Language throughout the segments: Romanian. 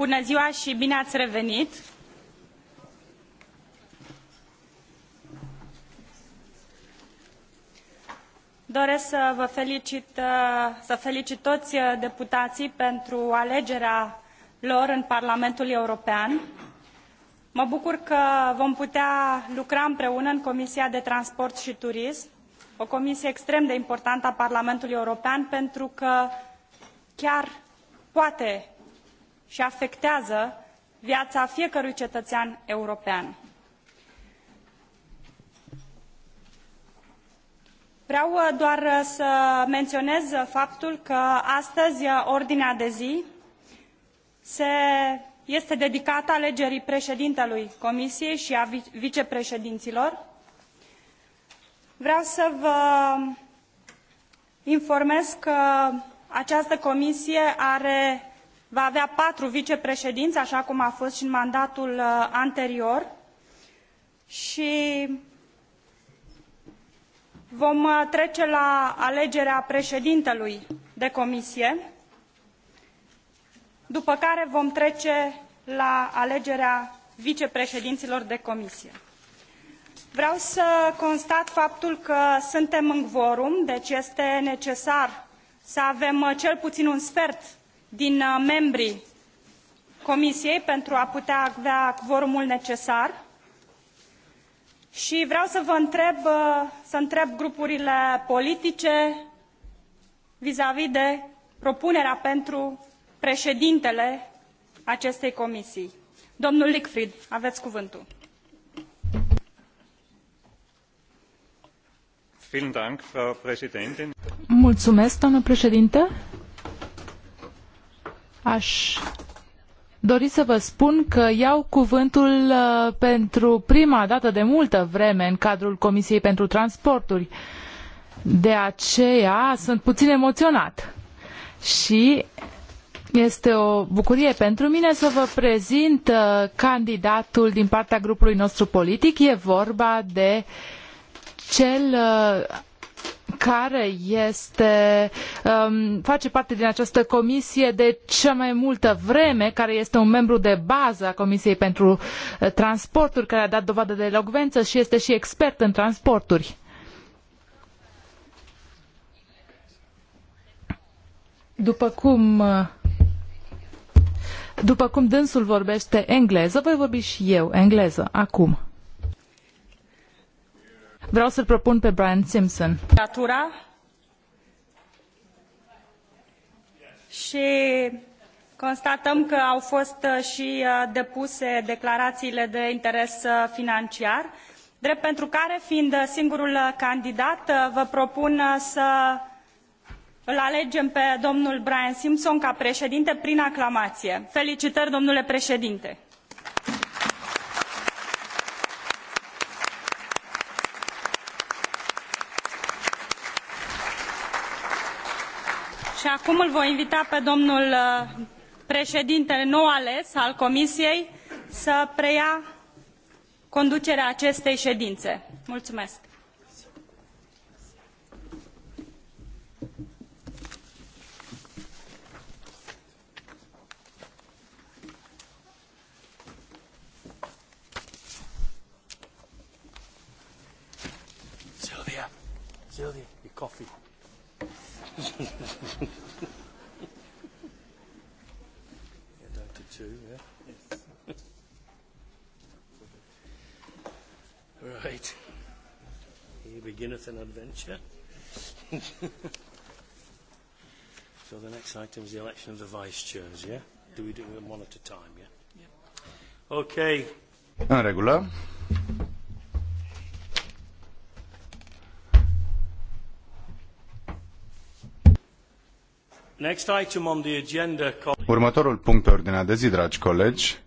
Bună ziua și bine ați revenit! Doresc să vă felicit, uh, să felicit toți uh, deputații pentru alegerea lor în Parlamentul European. Mă bucur că vom putea lucra împreună în Comisia de Transport și Turism, o comisie extrem de importantă a Parlamentului European, pentru că chiar poate i afectează viaa fiecărui cetăean european. vreau uh, doar uh, să menionez uh, faptul că astăzi ordinea de zi este dedicată alegerii preedintelui comisiei i a vicepreedinilor. vreau să vă informez că această comisie are va avea patru vicepreedini aa cum a fost i în mandatul uh, anterior i vom uh, trece la alegerea preedintelui de comisie după care vom trece la alegerea vicepreedinilor de comisie. vreau să constat faptul că suntem în cvorum deci este necesar să avem uh, cel puin un sfert din uh, membrii comisiei pentru a putea avea cvorumul necesar i vreau să vă întreb uh, să întreb grupurile politice vizavi de propunerea pentru preedintele acestei comisii. Domnul Lichfried, aveți cuvântul. Mulțumesc, doamnă președinte. Aș dori să vă spun că iau cuvântul uh, pentru prima dată de multă vreme în cadrul Comisiei pentru Transporturi. De aceea sunt puțin emoționat și este o bucurie pentru mine să vă prezint uh, candidatul din partea grupului nostru politic. E vorba de cel uh, care este, um, face parte din această comisie de cea mai multă vreme, care este un membru de bază a Comisiei pentru uh, Transporturi, care a dat dovadă de elocvență și este și expert în transporturi. După cum uh, după cum dânsul vorbește engleză, voi vorbi și eu engleză acum. Vreau să-l propun pe Brian Simpson. candidatura și constatăm că au fost uh, și uh, depuse declarațiile de interes uh, financiar, drept pentru care, fiind singurul candidat, vă propun să îl alegem pe domnul Brian Simpson ca președinte prin aclamaie. Felicitări, domnule președinte! acum îl voi invita pe domnul uh, preedinte nou ales al comisiei să preia conducerea acestei edine. Mulțumesc. Silvia, your coffee. begin an adventure. so the next item is the election of the vice chairs, yeah? Do we do them one at a time, yeah? yeah. Okay. În regulă. Next item on the agenda... Următorul punct pe ordinea de zi, dragi colegi,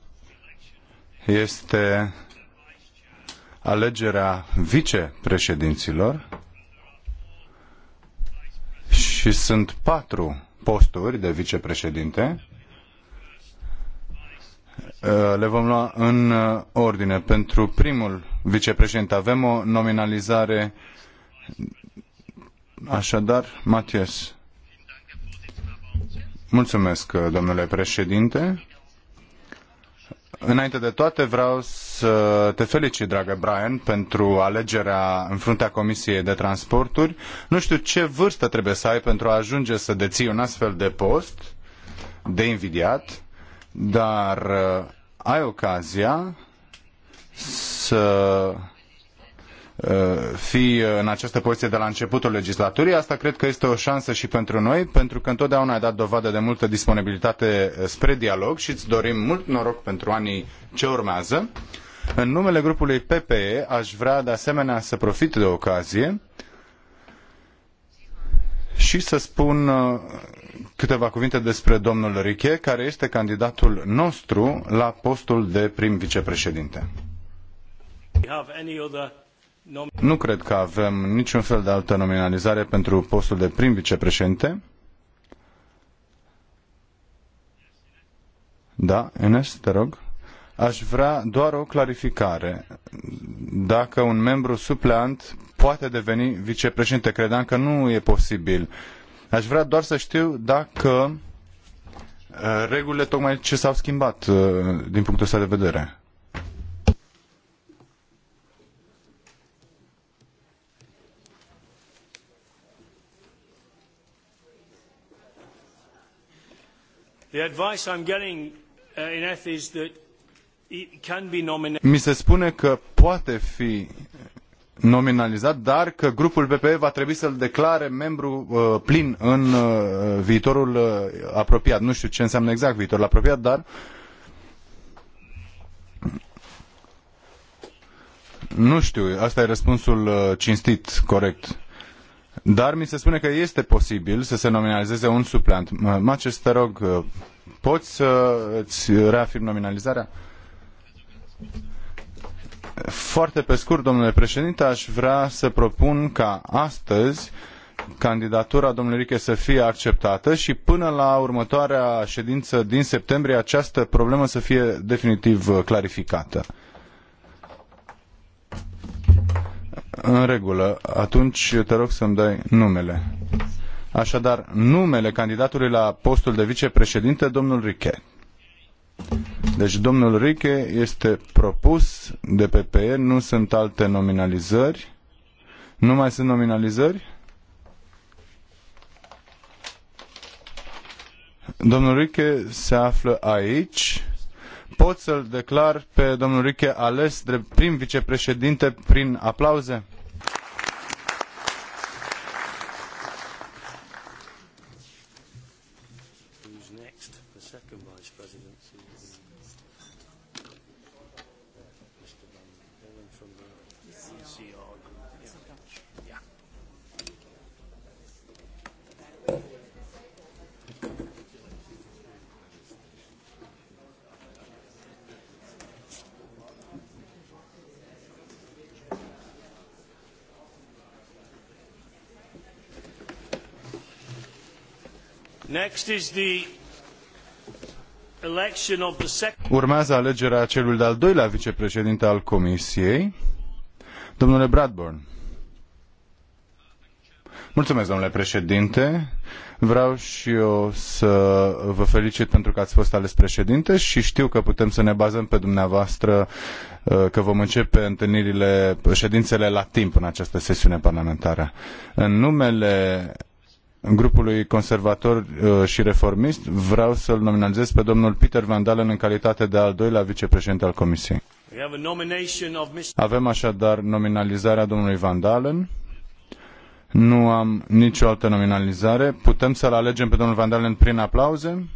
este alegerea vicepreședinților și sunt patru posturi de vicepreședinte. Uh, le vom lua în uh, ordine. Pentru primul vicepreședinte avem o nominalizare. Așadar, Matias. Mulțumesc, uh, domnule președinte. Înainte de toate vreau să te felicit, dragă Brian, pentru alegerea în fruntea Comisiei de Transporturi. Nu știu ce vârstă trebuie să ai pentru a ajunge să deții un astfel de post de invidiat, dar uh, ai ocazia să Uh, fi în această poziție de la începutul legislaturii. Asta cred că este o șansă și pentru noi, pentru că întotdeauna ai dat dovadă de multă disponibilitate spre dialog și îți dorim mult noroc pentru anii ce urmează. În numele grupului PPE aș vrea de asemenea să profit de ocazie și să spun uh, câteva cuvinte despre domnul Riche, care este candidatul nostru la postul de prim vicepreședinte. Nu cred că avem niciun fel de altă nominalizare pentru postul de prim vicepreședinte. Da, Ines, te rog. Aș vrea doar o clarificare. Dacă un membru supleant poate deveni vicepreședinte, credeam că nu e posibil. Aș vrea doar să știu dacă uh, regulile tocmai ce s-au schimbat uh, din punctul ăsta de vedere. Mi se spune că poate fi nominalizat, dar că grupul PPE va trebui să-l declare membru uh, plin în uh, viitorul uh, apropiat. Nu știu ce înseamnă exact viitorul apropiat, dar nu știu, asta e răspunsul uh, cinstit, corect. Dar mi se spune că este posibil să se nominalizeze un suplant. Maces, te rog, uh, poți să îți reafirm nominalizarea? Foarte pe scurt, domnule președinte, aș vrea să propun ca astăzi candidatura domnului Riche să fie acceptată și până la următoarea ședință din septembrie această problemă să fie definitiv uh, clarificată. În regulă. Atunci te rog să-mi dai numele. Așadar, numele candidatului la postul de vicepreședinte, domnul Riche. Deci domnul Riche este propus de PPE, nu sunt alte nominalizări. Nu mai sunt nominalizări? Domnul Riche se află aici pot să-l declar pe domnul Riche ales drept prim vicepreședinte prin aplauze? Urmează alegerea celui de-al doilea vicepreședinte al Comisiei, domnule Bradburn. Mulțumesc, domnule președinte. Vreau și eu să vă felicit pentru că ați fost ales președinte și știu că putem să ne bazăm pe dumneavoastră uh, că vom începe întâlnirile, ședințele la timp în această sesiune parlamentară. În numele grupului conservator uh, și reformist, vreau să-l nominalizez pe domnul Peter Van Dalen în calitate de al doilea vicepreședinte al Comisiei. Avem așadar nominalizarea domnului Van Dalen. Nu am nicio altă nominalizare. Putem să-l alegem pe domnul Van Dalen prin aplauze?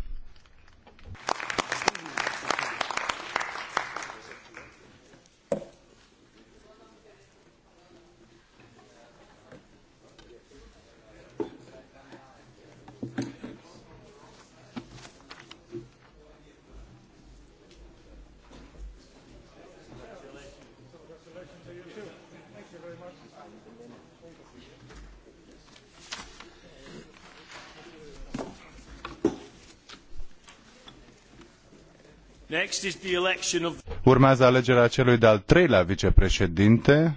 Urmează alegerea celui de-al treilea vicepreședinte.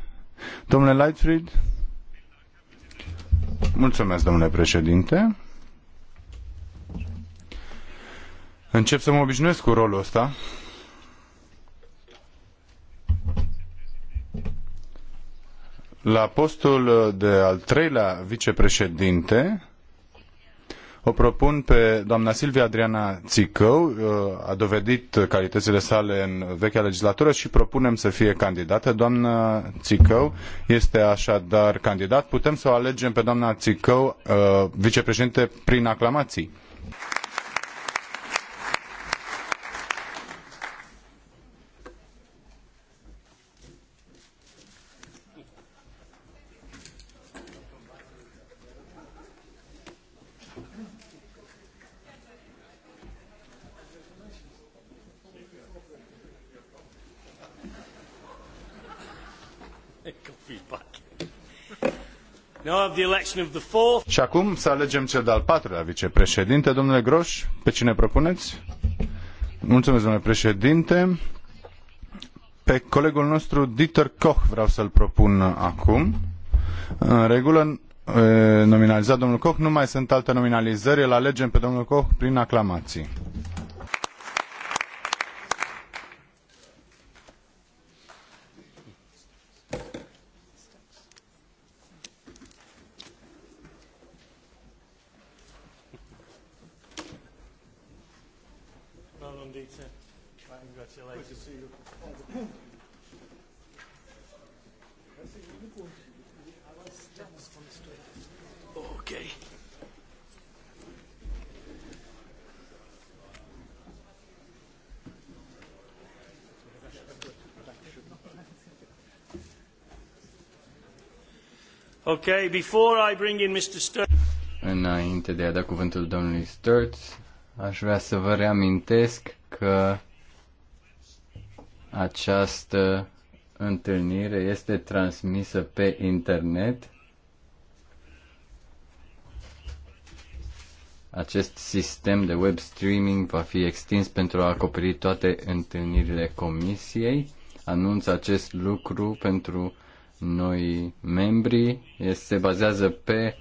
Domnule Lightfried? Mulțumesc, domnule președinte. Încep să mă obișnuiesc cu rolul ăsta. La postul de al treilea vicepreședinte, o propun pe doamna Silvia Adriana Țicău, uh, a dovedit calitățile sale în vechea legislatură și propunem să fie candidată. Doamna Țicău este așadar candidat. Putem să o alegem pe doamna Țicău, uh, vicepreședinte, prin aclamații. Și acum să alegem cel de-al patrulea vicepreședinte. Domnule Groș, pe cine propuneți? Mulțumesc, domnule președinte. Pe colegul nostru, Dieter Koch, vreau să-l propun acum. În regulă, nominalizat domnul Koch, nu mai sunt alte nominalizări, îl alegem pe domnul Koch prin aclamații. before I bring in Mr. Înainte de a da cuvântul domnului Sturt, aș vrea să vă reamintesc că această întâlnire este transmisă pe internet. Acest sistem de web streaming va fi extins pentru a acoperi toate întâlnirile comisiei. Anunț acest lucru pentru noi membri se bazează pe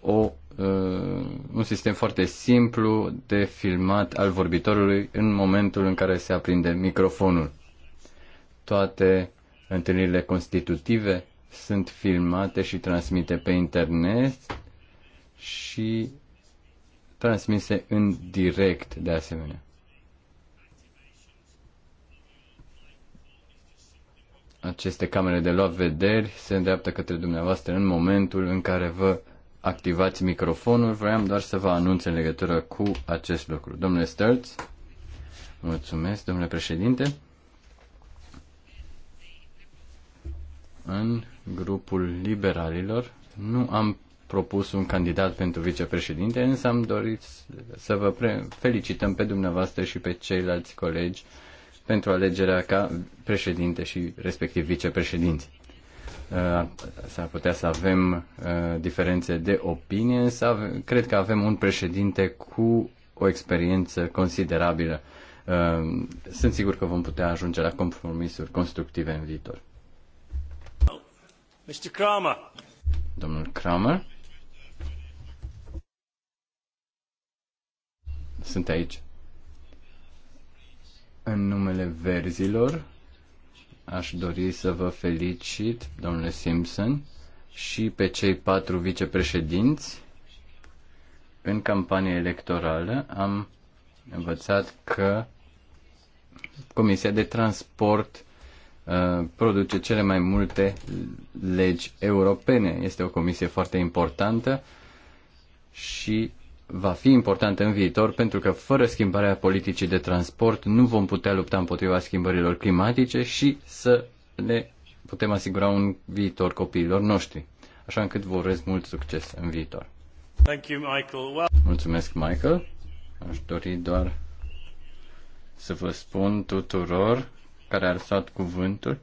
o, uh, un sistem foarte simplu de filmat al vorbitorului în momentul în care se aprinde microfonul. Toate întâlnirile constitutive sunt filmate și transmite pe internet și transmise în direct de asemenea. aceste camere de luat vederi se îndreaptă către dumneavoastră în momentul în care vă activați microfonul. Vreau doar să vă anunț în legătură cu acest lucru. Domnule Sturz, mulțumesc, domnule președinte. În grupul liberalilor nu am propus un candidat pentru vicepreședinte, însă am dorit să vă felicităm pe dumneavoastră și pe ceilalți colegi uh, pentru alegerea ca președinte și respectiv vicepreședinți. Uh, s-ar putea să avem uh, diferențe de opinie, însă cred că avem un președinte cu o experiență considerabilă. Uh, sunt sigur că vom putea ajunge la compromisuri constructive în viitor. Mr. Kramer. Domnul Kramer. Sunt aici. În numele verzilor, aș dori să vă felicit, domnule Simpson, și pe cei patru vicepreședinți. În campanie electorală am învățat că Comisia de Transport uh, produce cele mai multe legi europene. Este o comisie foarte importantă și va fi importantă în viitor pentru că fără schimbarea politicii de transport nu vom putea lupta împotriva schimbărilor climatice și să ne putem asigura un viitor copiilor noștri. Așa încât vă urez mult succes în viitor. Thank you, Michael. Well... Mulțumesc, Michael. Aș dori doar să vă spun tuturor care ar stat cuvântul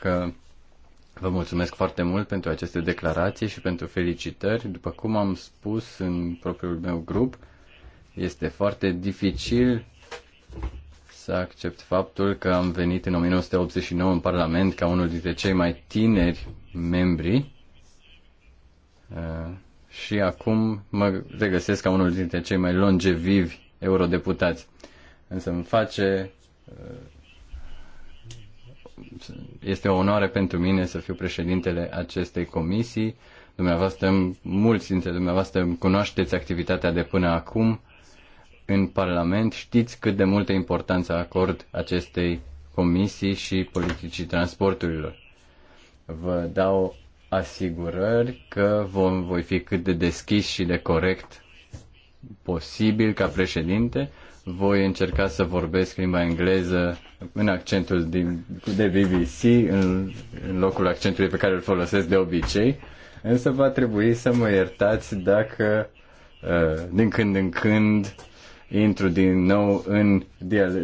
că Vă mulțumesc foarte mult pentru aceste declarații și pentru felicitări. După cum am spus în propriul meu grup, este foarte dificil să accept faptul că am venit în 1989 în Parlament ca unul dintre cei mai tineri membri uh, și acum mă regăsesc ca unul dintre cei mai longevivi eurodeputați. Însă îmi face uh, este o onoare pentru mine să fiu președintele acestei comisii. Dumneavoastră, mulți dintre dumneavoastră cunoașteți activitatea de până acum în Parlament, știți cât de multă importanță acord acestei comisii și politicii transporturilor. Vă dau asigurări că vom, voi fi cât de deschis și de corect posibil ca președinte voi încerca să vorbesc limba engleză în accentul din, de BBC, în, în locul accentului pe care îl folosesc de obicei, însă va trebui să mă iertați dacă uh, din când în când intru din nou în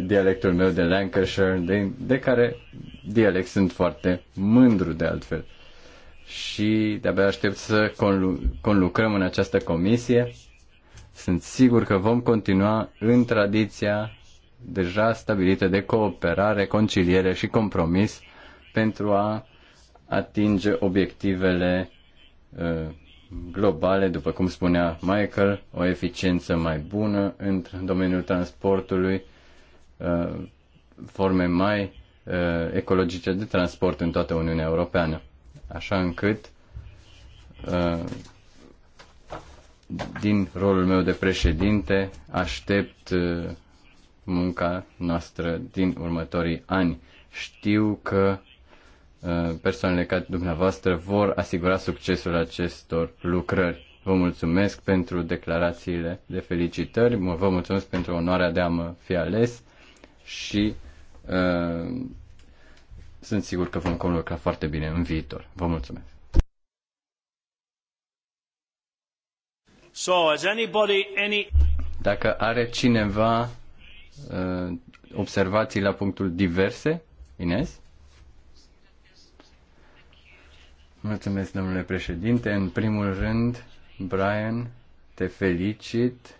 dialectul meu de Lancashire, de, de care dialect sunt foarte mândru de altfel. Și de-abia aștept să conlu- conlucrăm în această comisie sunt sigur că vom continua în tradiția deja stabilită de cooperare, conciliere și compromis pentru a atinge obiectivele uh, globale, după cum spunea Michael, o eficiență mai bună în domeniul transportului, uh, forme mai uh, ecologice de transport în toată Uniunea Europeană, așa încât din rolul meu de președinte aștept uh, munca noastră din următorii ani. Știu că uh, persoanele ca dumneavoastră vor asigura succesul acestor lucrări. Vă mulțumesc pentru declarațiile de felicitări, vă mulțumesc pentru onoarea de a mă fi ales și uh, sunt sigur că vom conlucra foarte bine în viitor. Vă mulțumesc! So, has anybody any... Dacă are cineva uh, observații la punctul diverse, Ines? Mulțumesc, domnule președinte. În primul rând, Brian, te felicit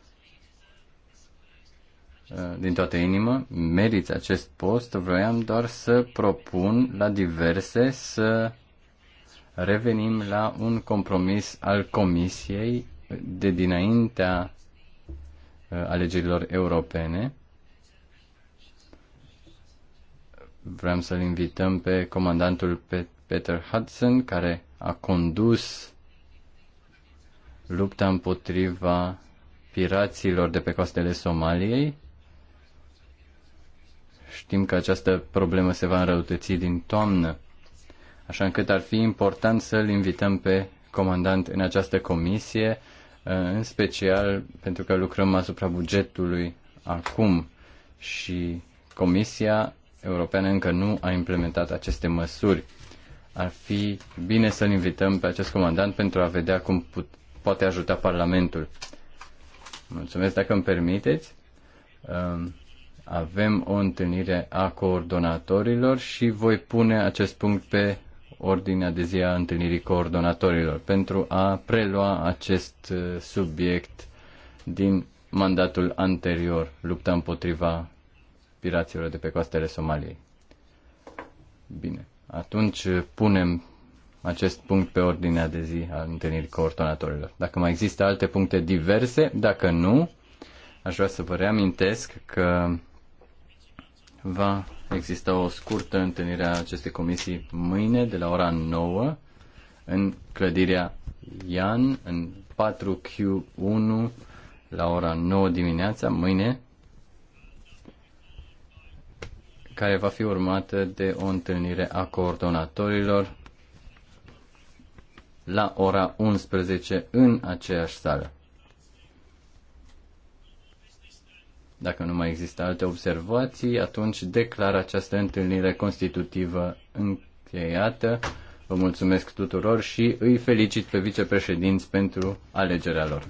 uh, din toată inimă, meriți acest post, vroiam doar să propun la diverse să revenim la un compromis al comisiei de dinaintea uh, alegerilor europene. Vreau să-l invităm pe comandantul Peter Hudson, care a condus lupta împotriva piraților de pe coastele Somaliei. Știm că această problemă se va înrăutăți din toamnă, așa încât ar fi important să-l invităm pe comandant în această comisie Uh, în special pentru că lucrăm asupra bugetului acum și Comisia Europeană încă nu a implementat aceste măsuri. Ar fi bine să-l invităm pe acest comandant pentru a vedea cum put, poate ajuta Parlamentul. Mulțumesc dacă îmi permiteți. Um, avem o întâlnire a coordonatorilor și voi pune acest punct pe ordinea de zi a întâlnirii coordonatorilor pentru a prelua acest uh, subiect din mandatul anterior, lupta împotriva piraților de pe coastele Somaliei. Bine, atunci uh, punem acest punct pe ordinea de zi a întâlnirii coordonatorilor. Dacă mai există alte puncte diverse, dacă nu, aș vrea să vă reamintesc că va Există o scurtă întâlnire a acestei comisii mâine de la ora 9 în clădirea Ian în 4Q1 la ora 9 dimineața, mâine, care va fi urmată de o întâlnire a coordonatorilor la ora 11 în aceeași sală. Dacă nu mai există alte observații, atunci declar această întâlnire constitutivă încheiată. Vă mulțumesc tuturor și îi felicit pe vicepreședinți pentru alegerea lor.